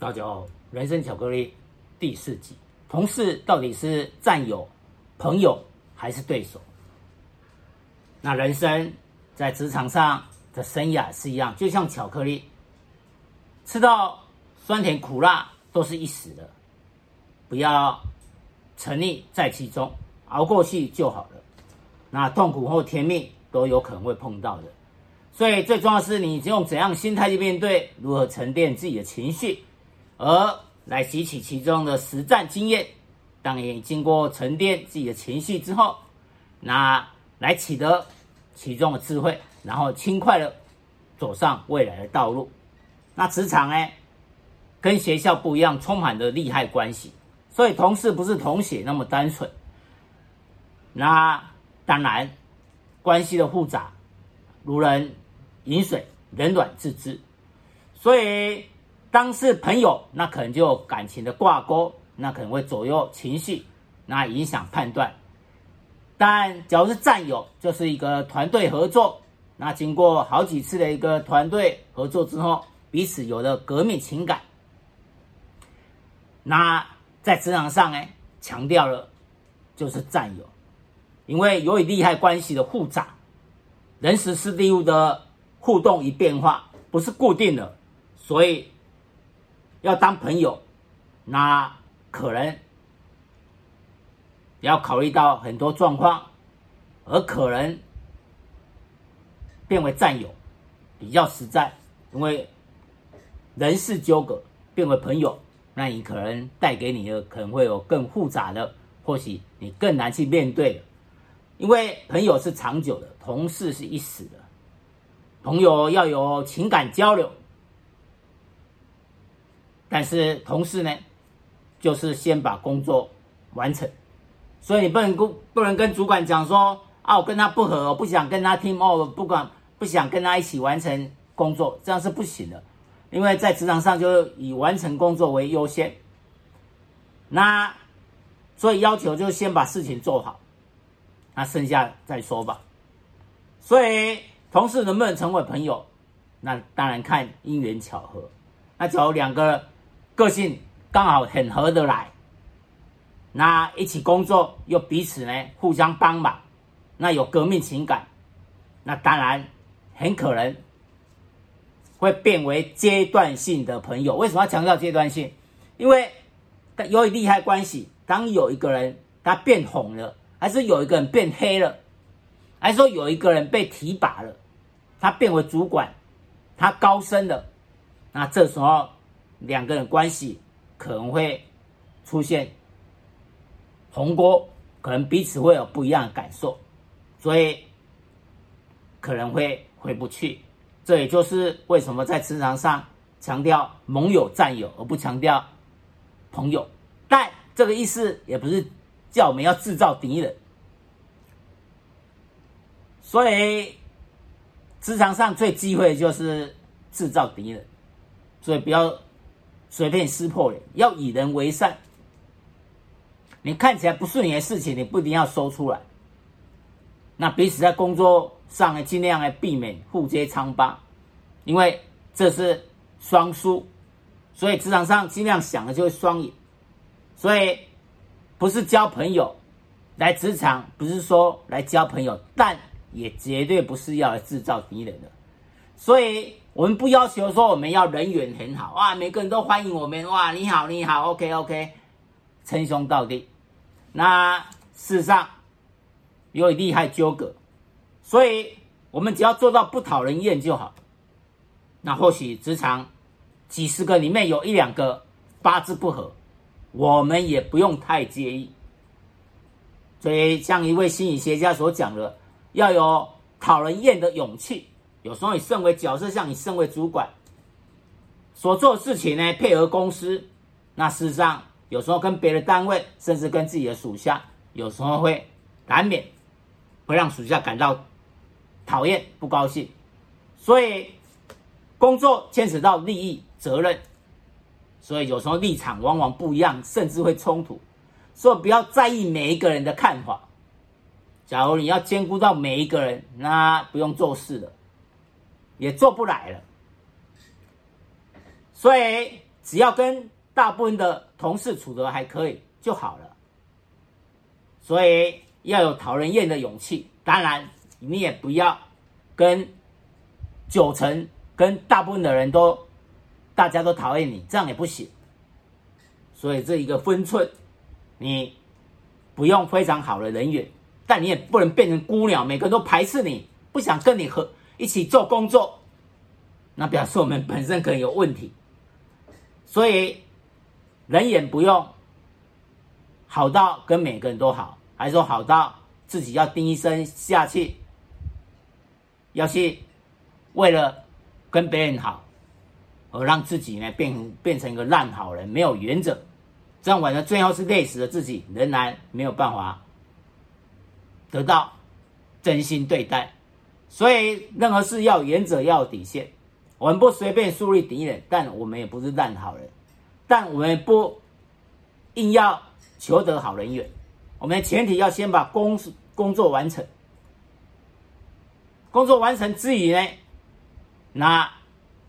大家好，人生巧克力第四集，同事到底是戰友、朋友還是對手？那人生在職場上的生涯是一樣，就像巧克力，吃到酸甜苦辣都是一時的，不要沉溺在其中，熬過去就好了。那痛苦或甜蜜都有可能會碰到的，所以最重要的是你用怎樣的心態去面對，如何沉澱自己的情緒。而來吸取其中的實戰經驗，當你經過沉澱自己的情緒之後，那來取得其中的智慧，然後輕快的走上未來的道路。那職場呢？跟學校不一樣，充滿了利害關係，所以同事不是同學那麼單純。那當然，關係的複雜，如人飲水，冷暖自知，所以。當是朋友，那可能就有感情的掛鈎，那可能會左右情緒，那影響判斷。但假如是戰友，就是一個團隊合作。那經過好幾次的一個團隊合作之後，彼此有了革命情感。那在職場上，哎，強調了就是戰友，因為由於利害關係的複雜，人時事地物的互動與變化不是固定的，所以。要當朋友，那可能要考慮到很多狀況，而可能變為戰友比較實在，因為人事糾葛變為朋友，那你可能帶給你的可能會有更複雜的，或許你更難去面對的。因為朋友是長久的，同事是一時的，朋友要有情感交流。但是同事呢，就是先把工作完成，所以你不能不，不能跟主管講說啊，我跟他不合，我不想跟他 team。哦，不管不想跟他一起完成工作，這樣是不行的，因為在職場上就以完成工作為優先，那所以要求就先把事情做好，那剩下再說吧。所以同事能不能成為朋友，那當然看因緣巧合，那只有兩個。個性剛好很合得來，那一起工作又彼此呢互相幫忙，那有革命情感，那當然很可能會變為階段性的朋友。為什麼要強調階段性？因為由於利害關係，當有一個人他變紅了，還是有一個人變黑了，還是說有一個人被提拔了，他變為主管，他高升了，那這時候。兩個人關係可能會出現鴻溝，可能彼此會有不一樣的感受，所以可能會回不去。這也就是為什麼在職場上強調盟友、戰友，而不強調朋友。但這個意思也不是叫我們要制造敵人，所以職場上最忌諱就是制造敵人，所以不要。隨便撕破臉，要以人為善。你看起來不順眼的事情，你不一定要說出來。那彼此在工作上呢，儘量來避免互揭瘡疤，因為這是雙輸，所以職場上儘量想了就會雙贏。所以，不是交朋友來，來職場不是說來交朋友，但也絕對不是要來制造敵人的。所以。我們不要求說我們要人緣很好哇，每個人都歡迎我們哇，你好你好，OK OK，稱兄道弟。那事實上有利害糾葛，所以我們只要做到不討人厭就好。那或許職場幾十個裡面有一兩個八字不合，我們也不用太介意。所以像一位心理學家所講的，要有討人厭的勇氣。有時候你身為角色，像你身為主管所做的事情呢，配合公司，那事實上有時候跟別的單位，甚至跟自己的屬下，有時候會難免會讓屬下感到討厭、不高興。所以工作牽扯到利益、責任，所以有時候立場往往不一樣，甚至會衝突。所以不要在意每一個人的看法。假如你要兼顧到每一個人，那不用做事了。也做不來了，所以只要跟大部分的同事處得還可以就好了。所以要有討人厭的勇氣，當然你也不要跟九成，跟大部分的人都，大家都討厭你，這樣也不行。所以這一個分寸，你不用非常好的人緣，但你也不能變成孤鳥，每個人都排斥你，不想跟你和。一起做工作，那表示我們本身可能有問題，所以人也不用好到跟每個人都好，還說好到自己要低聲下氣，要去為了跟別人好，而讓自己呢變變成一個爛好人，沒有原則，這樣完了最後是累死了自己，仍然沒有辦法得到真心對待。所以，任何事要原則，要有底線。我們不隨便樹立敵人，但我們也不是爛好人。但我們不硬要求得好人緣。我們的前提要先把工工作完成。工作完成之餘呢，那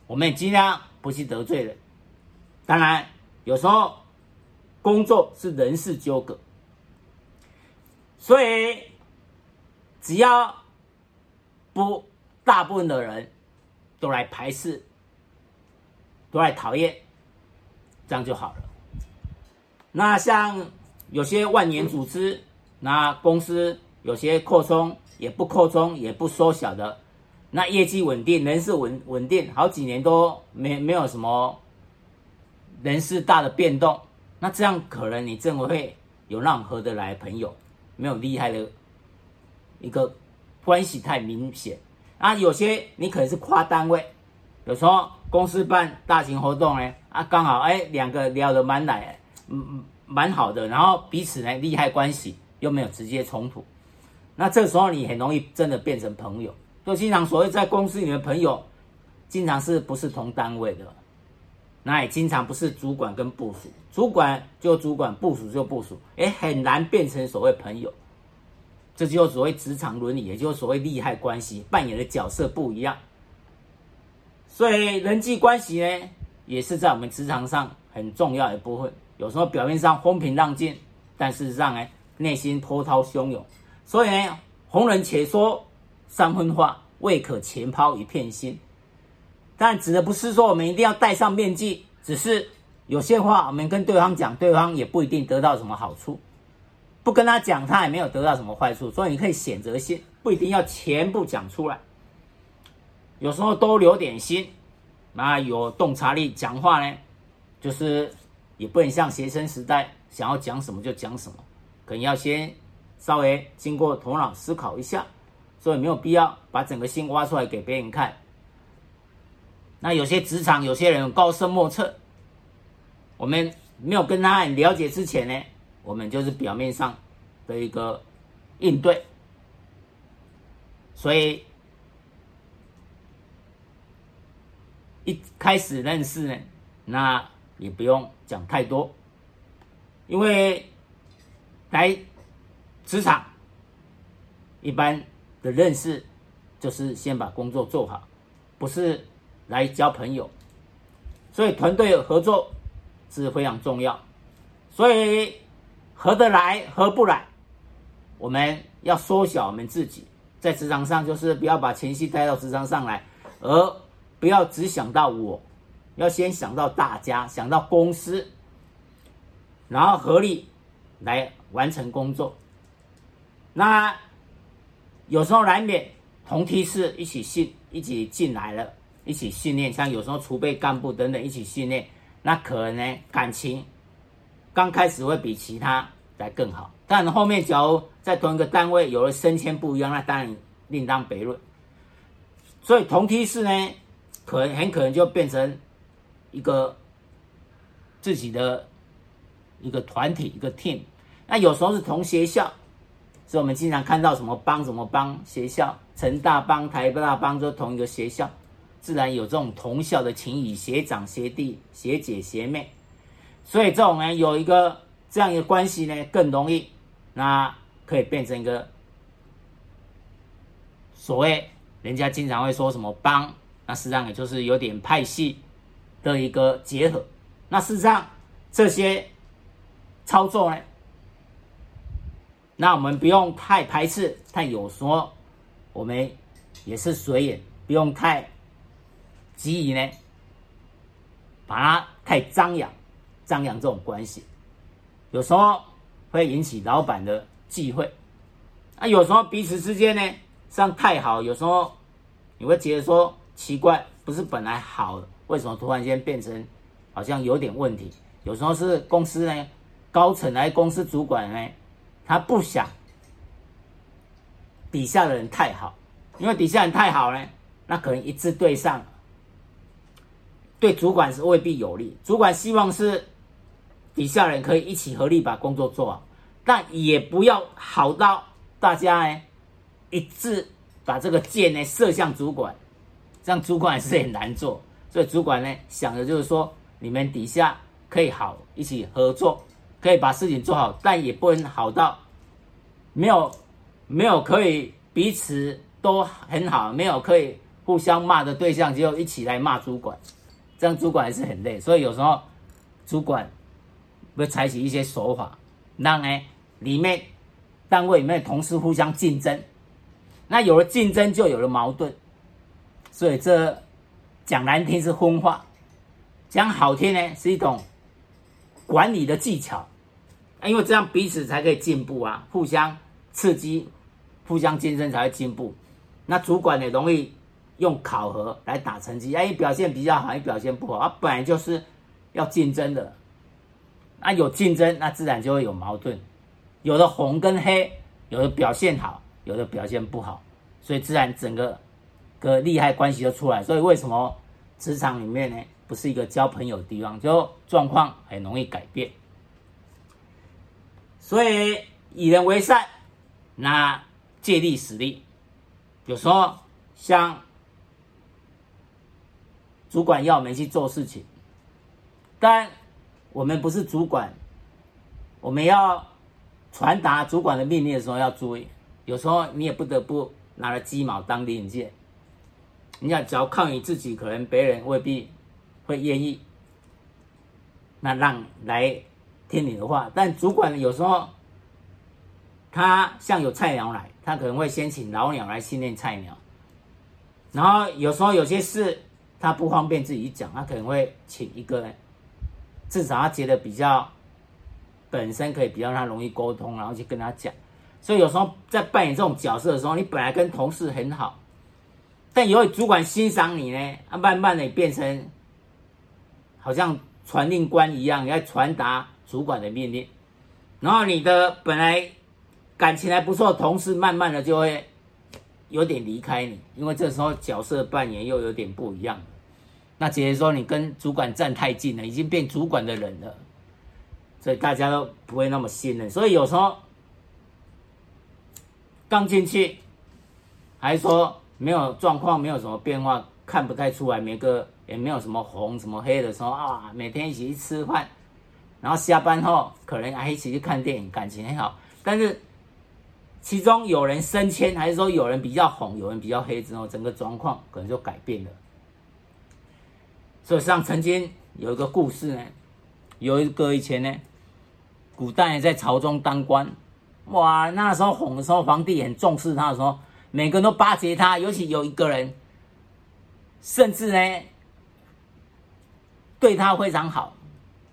我們也盡量不去得罪人。當然，有時候工作是人事糾葛，所以只要。不，大部分的人都來排斥，都來討厭，這樣就好了。那像有些萬年組織，那公司有些擴充也不擴充，也不縮小的，那業績穩定，人事穩穩定，好幾年都沒沒有什麼人事大的變動，那這樣可能你只會有那合得來朋友，沒有厲害的一個。關係太明顯，啊，有些你可能是跨單位，有時候公司辦大型活動呢，啊，剛好哎，兩個聊得蠻來，嗯，蠻好的，然後彼此呢利害關係又沒有直接衝突，那這時候你很容易真的變成朋友。就經常所謂在公司裡面朋友，經常是不是同單位的，那也經常不是主管跟部屬，主管就主管，部屬就部屬，哎、欸，很難變成所謂朋友。這就所謂職場倫理，也就所謂利害關係扮演的角色不一樣，所以人際關係呢，也是在我們職場上很重要一部分。有時候表面上風平浪靜，但事實上呢，內心波濤洶湧。所以呢，逢人且說三分話，未可全拋一片心。但指的不是說我們一定要戴上面具，只是有些話我們跟對方講，對方也不一定得到什麼好處。不跟他講，他也沒有得到什麼壞處，所以你可以選擇性，不一定要全部講出來。有時候多留點心，那有洞察力講話呢，就是也不能像學生時代想要講什麼就講什麼，可能要先稍微經過頭腦思考一下，所以沒有必要把整個心挖出來給別人看。那有些職場，有些人有高深莫測，我們沒有跟他很了解之前呢，我們就是表面上的一個應對，所以一開始認識呢，那也不用講太多，因為來職場一般的認識就是先把工作做好，不是來交朋友，所以團隊合作是非常重要，所以。合得來，合不來，我們要縮小我們自己在職場上，就是不要把情緒帶到職場上來，而不要只想到我，要先想到大家，想到公司，然後合力來完成工作。那有時候難免同梯次一起訓，一起進來了，一起訓練，像有時候儲備幹部等等一起訓練，那可能感情。剛開始會比其他來更好，但後面假如在同一個單位有了升遷不一樣，那當然另當別論。所以同梯次呢，可能很可能就變成一個自己的一個團體，一個 team。那有時候是同學校，所以我們經常看到什麼幫什麼幫學校，成大幫、台大幫，就同一個學校，自然有這種同校的情誼，學長學弟、學姐學妹。所以這種呢有一個這樣一個關係呢，更容易，那可以變成一個所謂人家經常會說什麼幫，那實際上也就是有點派系的一個結合。那事實上這些操作呢，那我們不用太排斥，但有時候我們也是隨緣，不用太急於呢把它太張揚。張揚這種關係，有時候會引起老闆的忌諱。啊，有時候彼此之間呢，這樣太好，有時候你會覺得說奇怪，不是本來好的，為什麼突然間變成好像有點問題？有時候是公司呢，高層來，公司主管呢，他不想底下的人太好，因為底下人太好呢，那可能一致對上，對主管是未必有利。主管希望是。底下人可以一起合力把工作做好，但也不要好到大家哎，一致把這個箭呢射向主管，這樣主管是很難做。所以主管呢想的就是說，你們底下可以好，一起合作，可以把事情做好，但也不能好到沒有沒有可以彼此都很好，沒有可以互相罵的對象就一起來罵主管，這樣主管還是很累。所以有時候主管。會採取一些手法，讓呢，裡面單位裡面同事互相競爭，那有了競爭就有了矛盾，所以這講難聽是分化，講好聽呢是一種管理的技巧，因為這樣彼此才可以進步啊，互相刺激，互相競爭才會進步。那主管也容易用考核來打成績，哎，表現比較好，你表現不好啊，本來就是要競爭的。那、啊、有競爭，那自然就會有矛盾，有的紅跟黑，有的表現好，有的表現不好，所以自然整個個利害的關係就出來。所以為什麼職場裡面呢，不是一個交朋友的地方，就狀況很容易改變。所以以人為善，那借力使力，比如說像主管要我們去做事情，但我們不是主管，我們要傳達主管的命令的時候要注意，有時候你也不得不拿了雞毛當令箭。你要只要靠你自己，可能別人未必會願意，那讓來聽你的話。但主管有時候，他像有菜鳥來，他可能會先請老鳥來訓練菜鳥。然後有時候有些事他不方便自己講，他可能會請一個人。至少他覺得比較本身可以比較讓他容易溝通，然後去跟他講。所以有時候在扮演這種角色的時候，你本來跟同事很好，但由於主管欣賞你呢，慢慢的變成好像傳令官一樣，你要傳達主管的命令。然後你的本來感情還不錯的同事慢慢的就會有點離開你，因為這時候角色扮演又有點不一樣。那只是說你跟主管站太近了，已經變主管的人了，所以大家都不會那麼信任。所以有時候剛進去，還說沒有狀況，沒有什麼變化，看不太出來。每個也沒有什麼紅什麼黑的時候，啊，每天一起去吃飯，然後下班後可能還一起去看電影，感情很好。但是其中有人升遷，還是說有人比較紅，有人比較黑之後，整個狀況可能就改變了。就像曾經有一個故事呢，有一個以前呢，古代在朝中當官，哇，那時候哄的時候，皇帝很重視他的時候，每個人都巴結他，尤其有一個人，甚至呢，對他非常好。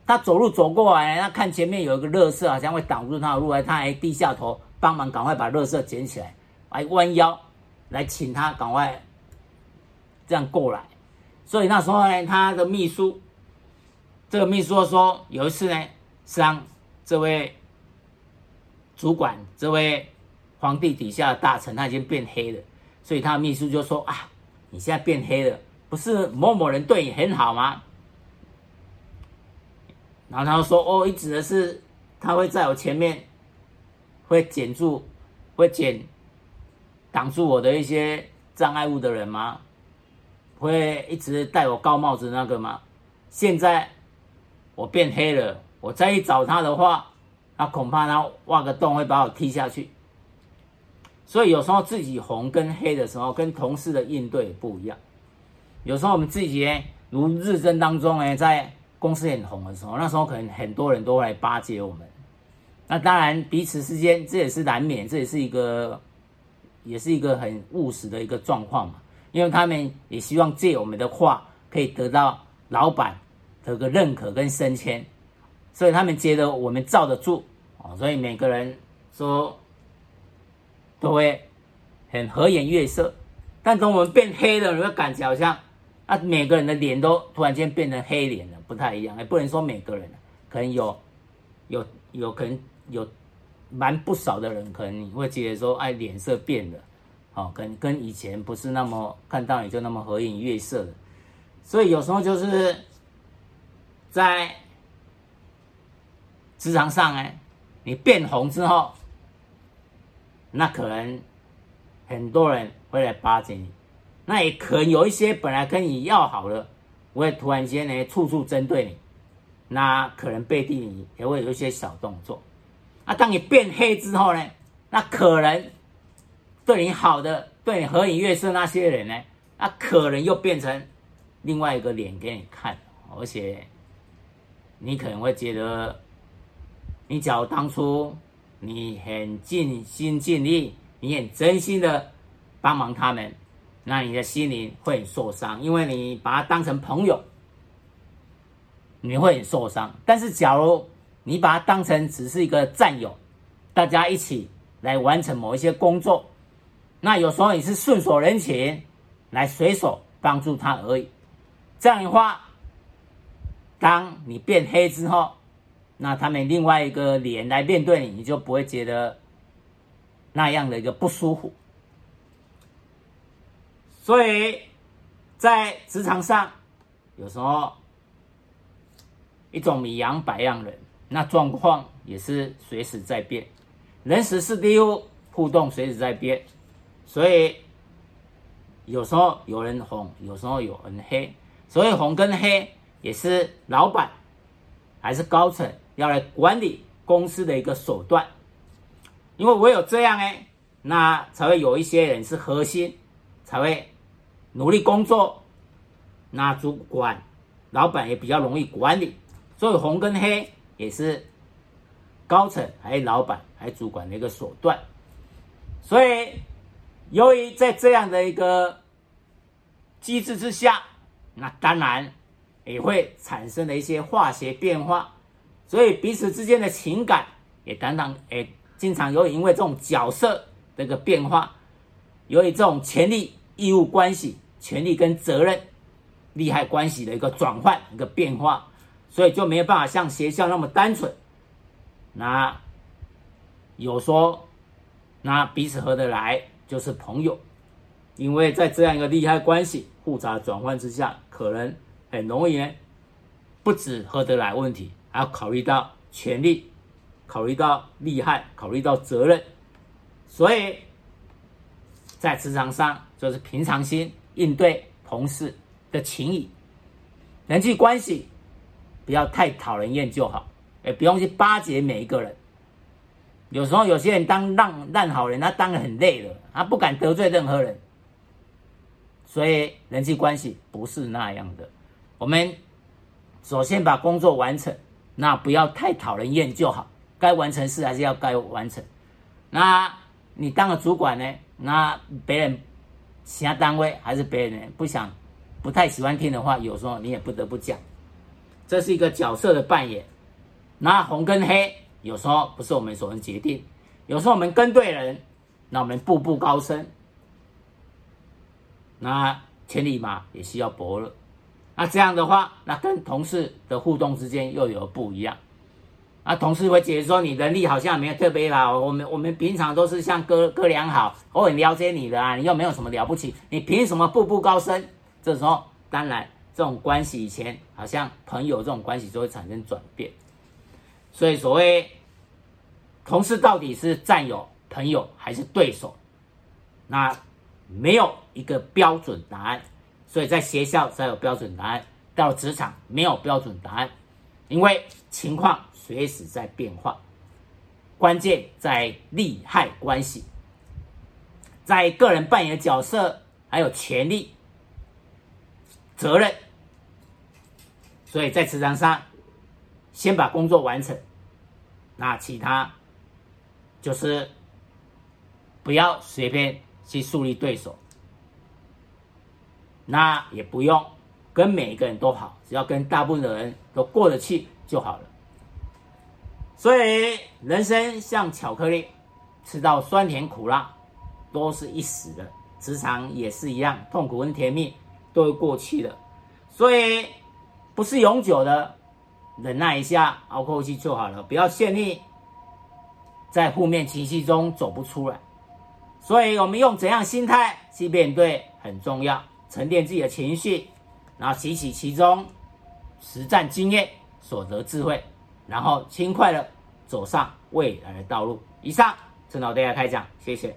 他走路走過來，他看前面有一個垃圾，好像會擋住他的路來，他還低下頭幫忙，趕快把垃圾撿起來，還彎腰，來請他趕快這樣過來。所以那時候呢，他的秘書，這個秘書說，有一次呢，是讓這位主管，這位皇帝底下的大臣他已經變黑了，所以他的秘書就說：“啊，你現在變黑了，不是某某人對你很好嗎？”然後他就說：“哦，你指的是他會在我前面，會減住，會減擋住我的一些障礙物的人嗎？”會一直戴我高帽子那個嗎？現在我變黑了，我再一找他的話，那恐怕他挖個洞會把我踢下去。所以有時候自己紅跟黑的時候，跟同事的應對也不一樣。有時候我們自己如日正當中呢，在公司很紅的時候，那時候可能很多人都會來巴結我們。那當然彼此之間，這也是難免，這也是一個，也是一個很務實的一個狀況嘛。因為他們也希望借我們的話，可以得到老板的個認可跟升遷，所以他們覺得我們罩得住哦，所以每個人說都會很和顏悅色。但從我們變黑的人會感覺好像啊，每個人的臉都突然間變成黑臉了，不太一樣。也不能說每個人，可能有有有可能有蠻不少的人，可能你會覺得說，哎、啊，臉色變了。哦，跟跟以前不是那麼看到你就那麼和顏悅色的，所以有時候就是在職場上呢，你變紅之後，那可能很多人會來巴結你，那也可能有一些本來跟你要好的，會突然間呢處處針對你，那可能背地裡也會有一些小動作。啊，當你變黑之後呢，那可能。對你好的，對你和顏悅色那些人呢，那、啊、可能又變成另外一個臉給你看，而且你可能會覺得，你假如當初你很盡心盡力，你很真心的幫忙他們，那你的心靈會很受傷，因為你把他當成朋友，你會很受傷。但是假如你把他當成只是一個戰友，大家一起來完成某一些工作。那有時候也是順手人情，來隨手幫助他而已。這樣的話，當你變黑之後，那他們另外一個臉來面對你，你就不會覺得那樣的一個不舒服。所以在職場上，有時候一種米養百樣人，那狀況也是隨時在變，人事是利益，互動隨時在變。所以有時候有人紅，有時候有人黑。所以紅跟黑也是老板還是高層要來管理公司的一個手段。因為唯有這樣呢、欸，那才會有一些人是核心，才會努力工作。那主管、老板也比較容易管理。所以紅跟黑也是高層還是老板還是主管的一個手段。所以。由於在這樣的一個機制之下，那當然也會產生了一些化學變化，所以彼此之間的情感也當然也經常由於因為這種角色的一個變化，由於這種權利義務關係、權利跟責任、利害關係的一個轉換、一個變化，所以就沒有辦法像學校那麼單純，那有說那彼此合得來。就是朋友，因為在這樣一個利害關係複雜轉換之下，可能很容易不止合得來問題，還要考慮到權力，考慮到利害，考慮到責任，所以在職場上就是平常心應對同事的情誼、人際關係，不要太討人厭就好，也、欸、不用去巴結每一個人。有時候有些人當爛爛好人，他當的很累了，他不敢得罪任何人，所以人際關係不是那樣的。我們首先把工作完成，那不要太討人厭就好，該完成事還是要該完成。那你當了主管呢？那別人其他單位還是別人不想不太喜歡聽的話，有時候你也不得不講，這是一個角色的扮演。那紅跟黑。有時候不是我們所能決定，有時候我們跟對人，那我們步步高升。那千里馬也需要伯樂。那這樣的話，那跟同事的互動之間又有不一樣。啊，同事會解釋說，你能力好像沒有特別好。我們我們平常都是像哥哥倆好，我很了解你的啊，你又沒有什麼了不起，你憑什麼步步高升？這時候，當然這種關係以前好像朋友這種關係就會產生轉變。所以所謂。同事到底是戰友、朋友還是對手？那沒有一個標準答案。所以在學校才有標準答案，到職場沒有標準答案，因為情況隨時在變化。關鍵在利害關係，在個人扮演角色，還有權力責任。所以在職場上，先把工作完成，那其他。就是不要隨便去樹立對手，那也不用跟每一個人都好，只要跟大部分的人都過得去就好了。所以人生像巧克力，吃到酸甜苦辣都是一時的，職場也是一樣，痛苦跟甜蜜都會過去的，所以不是永久的，忍耐一下，熬過去就好了，不要洩力。在負面情緒中走不出來。所以我們用怎樣的心態去面對很重要。沉澱自己的情緒，然後吸取其中實戰經驗所得智慧，然後輕快的走上未來的道路。以上是老爹的開講，謝謝。